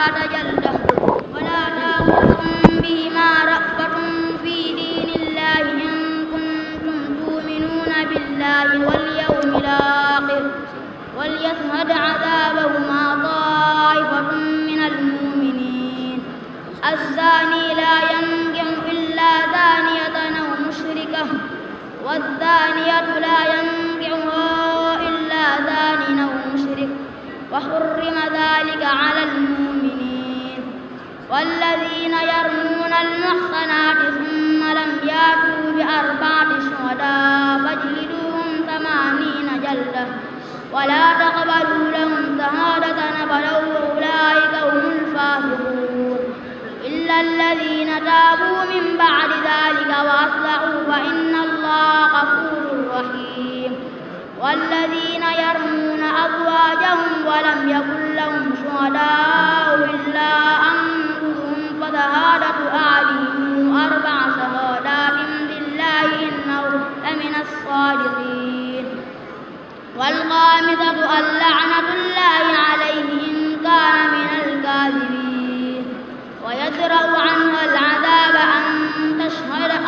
وتجلى ولا تأخذكم بهما رأفة في دين الله إن كنتم تؤمنون بالله واليوم الآخر وليشهد عذابهما طائفة من المؤمنين الزاني لا ينكح إلا زانية أو مشركة والزانية لا ينكحها إلا زان أو مشرك وحرم ذلك على المؤمنين والذين يرمون المحصنات ثم لم ياتوا بأربعة شهداء فاجلدوهم ثمانين جلدة ولا تقبلوا لهم شهادة أبدا وأولئك هم الفاسقون إلا الذين تابوا من بعد ذلك وأصلحوا فإن الله غفور رحيم والذين يرمون أزواجهم ولم يكن لهم شهداء إلا أن شهادة أحدهم أربع شهادات بالله إنه لمن الصادقين والخامسة اللعنة الله عليه إن كان من الكاذبين ويدرأ عنها العذاب أن تشهد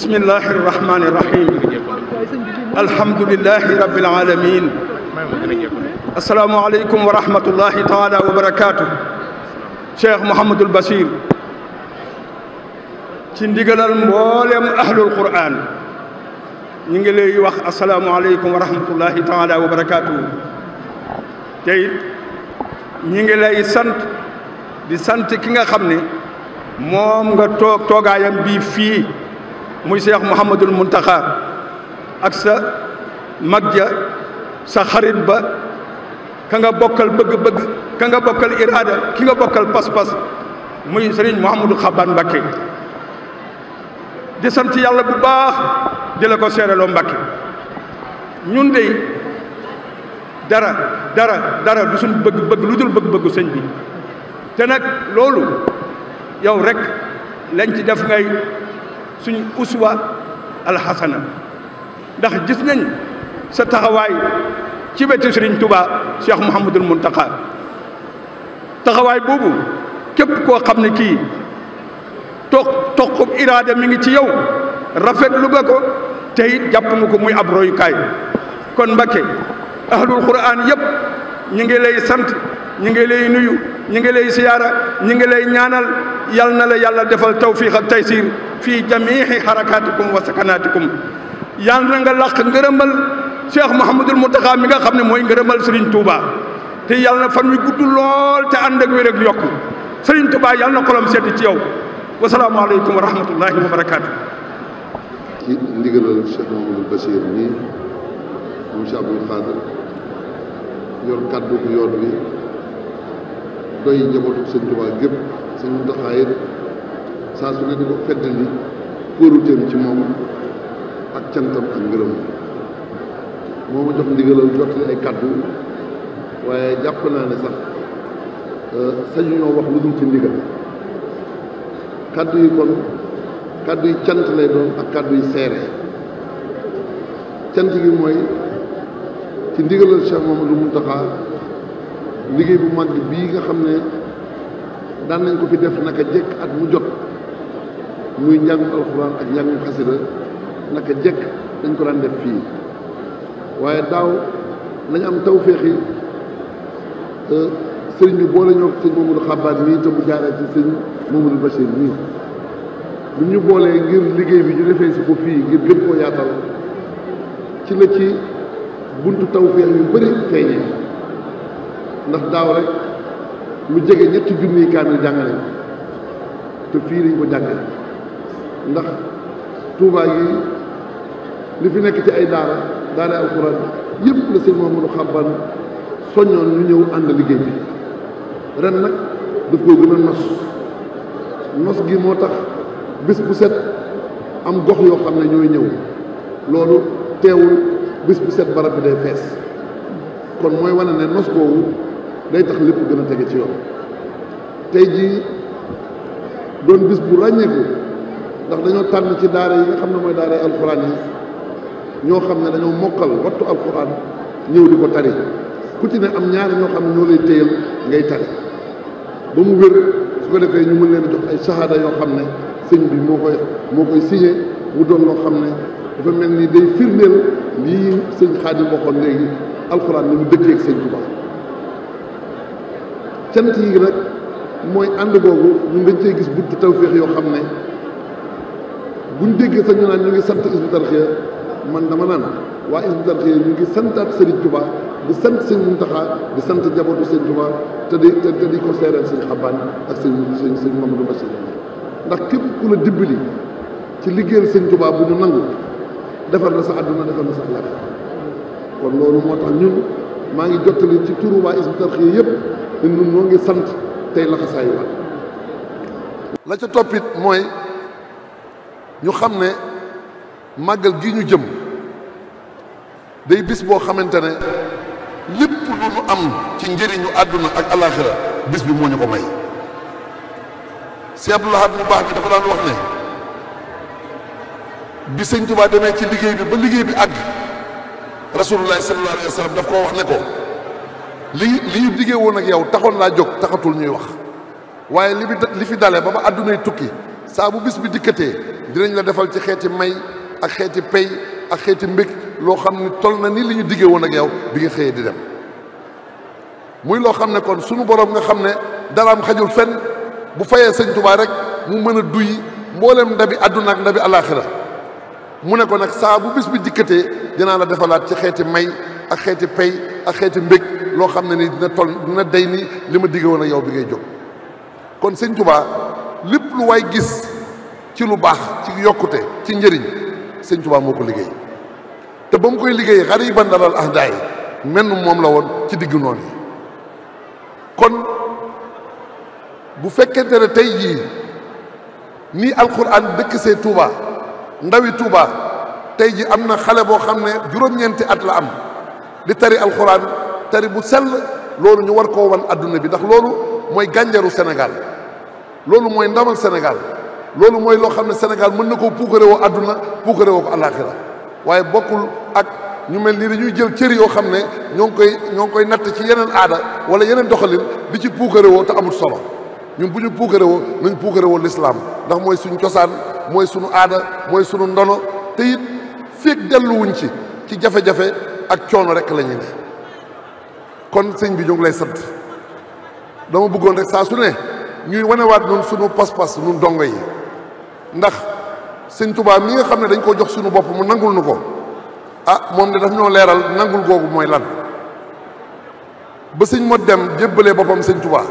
bismillahi irrahmani irrahim alhamdulilahi rabbil alamin asalaamualeykum wa rahmatullahi taala wa barakaatu cheikh mouhamadul bachir ci ndigalal mboolem ahlul quran ñu ngi lay wax asalaamualeykum wa rahmatullahi taala wa barakaatu te it ñu ngi lay sant di sant ki nga xam ne moom nga toog toogaayam bii fii muy Cheikh Mouhamadul Muntaxa ak sa mag ja sa xarit ba ka nga bokkal bëgg-bëgg ka nga bokkal iraada ki nga bokkal pas-pas muy sëriñ Mouhamadou Xaban Mbakke di sant yàlla bu baax di la ko seereloo Mbakke ñun de dara dara dara du suñ bëgg-bëgg lu dul bëgg-bëggu sëñ bi te nag loolu yow rek lañ ci def ngay suñu uswa alxasana ndax gis nañ sa taxawaay ci wetu Sëriñ Tuubaa Cheikh Mouhamadul Muntaqa taxawaay boobu képp koo xam ne kii toq toqub iraada mi ngi ci yow rafetlu nga ko te it jàpp nga ko muy ab royukaay kon Mbakke ahlul quraan yëpp ñu ngi lay sant ñu ngi lay nuyu ñu ngi lay siyaara ñu ngi lay ñaanal yal na la yàlla defal tawfiq ak taysir fii jamihi harakatikum wa sakanatikum yal na nga làq ngërëmal cheikh mouhamadul mountakha mi nga xam ne mooy ngërëmal Serigne Touba te yal na fan wi gudd lool te ànd ak wér ak yokk Serigne Touba yal na xolam sedd ci yow wasalaamualeykum wa rahmatullahi wa barakaatu ci ndigalal cheikh mouhamadul basir nii moom cheikh abdoul xaadir yor kàddu yoon wi doy njabootu Serigne Touba gépp suñu Muntaxa yëpp saa su ne di ko feddali kóoruteem ci moom ak cantam ak ngërëm moo ma jox ndigalal jottali ay kàddu waaye jàpp naa ne sax euh, sañu ñoo wax lu dul ci ndigal kàddu yi kon kàddu yi cant lay doon ak kàddu yi seere cant gi mooy ci ndigalal Cheikh Mamadou Muntaxa liggéey bu mag bii nga xam ne daan nañ ko fi def naka jekk at mu jot muy njàngum alxuraan ak njàngum xasida naka jekk dañ ko daan def fii waaye daaw lañ am tawféexi sëriñ bi boole ñoo sëñ Mamadou Xabaat nii te mu jaaree ci sëñ Mamadou Bachir nii bu ñu boolee ngir liggéey bi ñu defee si ko fii ngir gën koo yaatal ci la ci buntu tawféex yu bëri feeñee ndax daaw rek mu jege ñetti junniy kaamil jàngale te fii lañ ko jàngale ndax Touba gi li fi nekk ci ay daara daara alxuraan yëpp la sëñ Mamadou Xabban soññoon ñu ñëw ànd liggéey bi ren nag daf koo gën a nos nos gi moo tax bés bu set am gox yoo xam ne ñooy ñëw loolu teewul bés bu set barab bi day fees kon mooy wane ne nos koowu day tax lépp gën a tege ci yoon tey jii doon bis bu ràññeeku ndax dañoo tànn ci daara yi nga xam ne mooy daara yi alxuraan yi ñoo xam ne dañoo mokkal wattu alxuraan ñëw di ko tari ku ci ne am ñaar ñoo xam ne ñoo lay téyal ngay tari ba mu wér su ko defee ñu mu leen jox ay shahada yoo xam ne sëñ bi moo koy moo koy signé mu doon loo xam ne dafa mel ni day firndeel lii sëñ Xaadim waxoon léegi alxuraan ni mu dëkkee ak sëñ Tuubaa cant yi nag mooy ànd googu ñu dañ cee gis buntu tawféex yoo xam ne buñ déggee sax ñu naan ñu ngi sant Hizbut Tarqiyyah man dama naan waa Hizbut Tarqiyyah ñu ngi santaat Serigne Touba di sant Serigne Mountakha di sant njabootu Serigne Touba te di te di ko seereel Serigne Xabbaan ak Serigne Serigne lu Mamadou Bachir ndax képp ku la li ci liggéeyal Serigne Touba bu ñu nangu defar na sa àdduna defar na sa àllaaxira kon loolu moo tax ñun. maa ngi jottali ci turu waa Hizbut Tarqiyyah yëpp ne ñun ngi sant tey laxasaayu waat la ca toppit mooy ñu xam ne màggal gi ñu jëm day bis boo xamante ne lépp lu ñu am ci njëriñu àdduna ak alaaxira bis bi moo ñu ko may si Abdou Lahad mu baax bi dafa daan wax ne bi sëñ Tuubaa demee ci liggéey bi ba liggéey bi àgg rasulullahi sallallahu alayhi wa sallam daf koo wax ne ko li li ñu diggee woon ak yow taxoon laa jóg taxatul ñuy wax waaye li bi li fi dale ba ba àddunay tukki saa bu bis bi dikkatee dinañ la defal ci xeeti may ak xeeti pay ak xeeti mbég loo xam ni tol na ni li ñu diggee woon ak yow bi nga xëyee di dem muy loo xam ne kon suñu borom nga xam ne am xajul fen bu fayee sëñ Tuubaa rek mu mën a duy mboolem ndabi àdduna ak ndabi alaaxira mu ne ko nag saa bu bis bi dikkatee dinaa la defalaat ci xeeti may ak xeeti pay ak xeeti mbég loo xam ne ni dina tol dina day ni li ma digge woon ak yow bi ngay jóg kon sëñ tubaa lépp lu waay gis ci lu baax ci yokkute ci njëriñ sëñ tubaa moo ko liggéey te ba mu koy liggéey xariban dalal ahdaay menn moom la woon ci diggu noon yi kon bu fekkente ne tey jii nii alquran dëkk see tubaa ndawi tuuba tey ji am na xale boo xam ne juróom-ñeenti at la am di tari alxuraan tari bu sell loolu ñu war koo wan àdduna bi ndax loolu mooy gànjaru Sénégal loolu mooy ndamal Sénégal loolu mooy loo xam ne Sénégal mën na koo puukare woo adduna puukare woo ko waaye bokkul ak ñu mel nii dañuy jël cër yoo xam ne ñoo ngi koy ñoo ngi koy natt ci yeneen aada wala yeneen doxalin bi ci puukare woo te amul solo ñu bu ñu puukare woo nañ puukare woo mooy suñu cosaan mooy sunu aada mooy sunu ndono te it féeg delluwuñ ci ci jafe-jafe ak coono rek lañu ne kon sëñ bi ñu ngi lay sant dama bëggoon rek saa su ne ñuy wanewaat nun sunu pas-pas nun dongo yi ndax sëñ Tuubaa mi nga xam ne dañ koo jox sunu bopp mu nangul nu ko ah moom ne daf ñoo leeral nangul googu mooy lan ba sëñ moo dem jébbalee boppam sëñ Tuubaa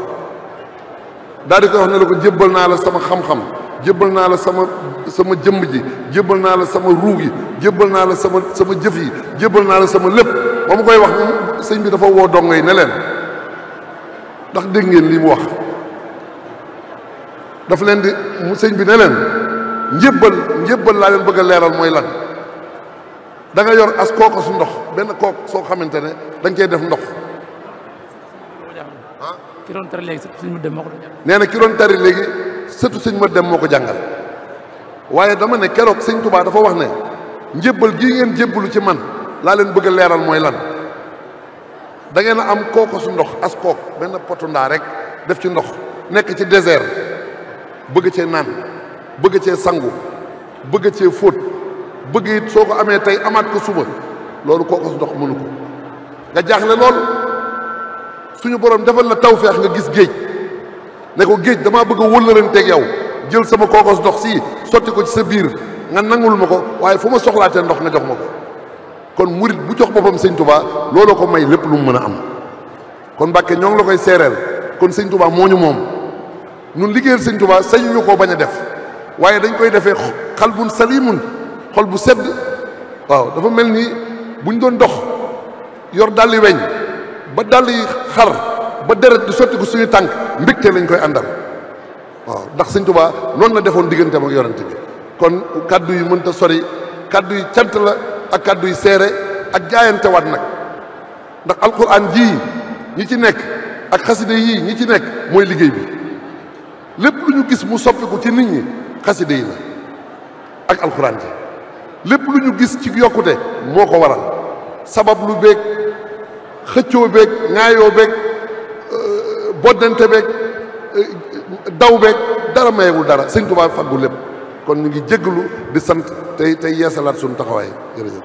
daal di koy wax ne la ko jébbal naa la sama xam-xam jébbal naa la sama sama jëmm ji jébbal naa la sama ruug yi jébbal naa la sama sama jëf yi jébbal naa la sama lépp ba mu koy wax moom sëñ bi dafa woo dongo yi ne leen ndax dégg ngeen li mu wax daf leen di sëñ bi ne leen njébbal njébbal laa leen bëgg a leeral mooy lan da yor as kooku su ndox benn kook soo xamante ne da nga def ndox ah. ki tari léegi. sëtu sëñ ma dem moo ko jàngal waaye dama ne keroog sëñ Tuubaa dafa wax ne njébbal gi ngeen jébbalu ci man laa leen bëgg leeral mooy lan da ngeen am kooku ndox askook kook benn potu ndaa rek def ci ndox nekk ci désert bëgg cee naan bëgg cee sangu bëgg cee fóot bëgg it soo ko amee tey amaat ko suba loolu kooku su ndox mënu ko nga jaaxle lool suñu borom defal la tawfeex nga gis géej ne ko géej damaa bëgg a teg yow jël sama kookos ndox sii sotti ko ci sa biir nga nangul ma ko waaye fu ma soxlaatee ndox nga jox ma ko kon murit bu jox boppam sëñ tubaa looloo ko may lépp lu mu mën a am kon mbàkke ñoo ngi la koy seereel kon sëñ tubaa moo ñu moom nun liggéeyal sëñ tubaa sañu ñu koo bañ a def waaye dañ koy defee xal xalbun salimun xol bu sedd waaw dafa mel ni buñ doon dox yor dàlli weñ ba dàlli xar ba deret di sotti ko suñu tànk mbégte lañ koy àndal waaw ndax sëñ Tuubaa noonu na defoon diggante ak yonent bi kon kaddu yi mënta sori kaddu yi cant la ak kaddu yi seere ak jaayante waat nag ndax alquran jii ñi ci nekk ak xaside yii ñi ci nekk mooy liggéey bi lépp lu ñu gis mu soppiku ci nit ñi xaside yi la ak alquran ji lépp lu ñu gis ci yokkute moo ko waral sabab lu beeg xëccoo beeg ŋaayoo beeg boddante beeg eh, daw beeg dara mayewul dara sëñ Tuubaa faggu lépp kon ñu ngi jéggalu di sant tey tey yeesalaat suñu taxawaay jërëjëf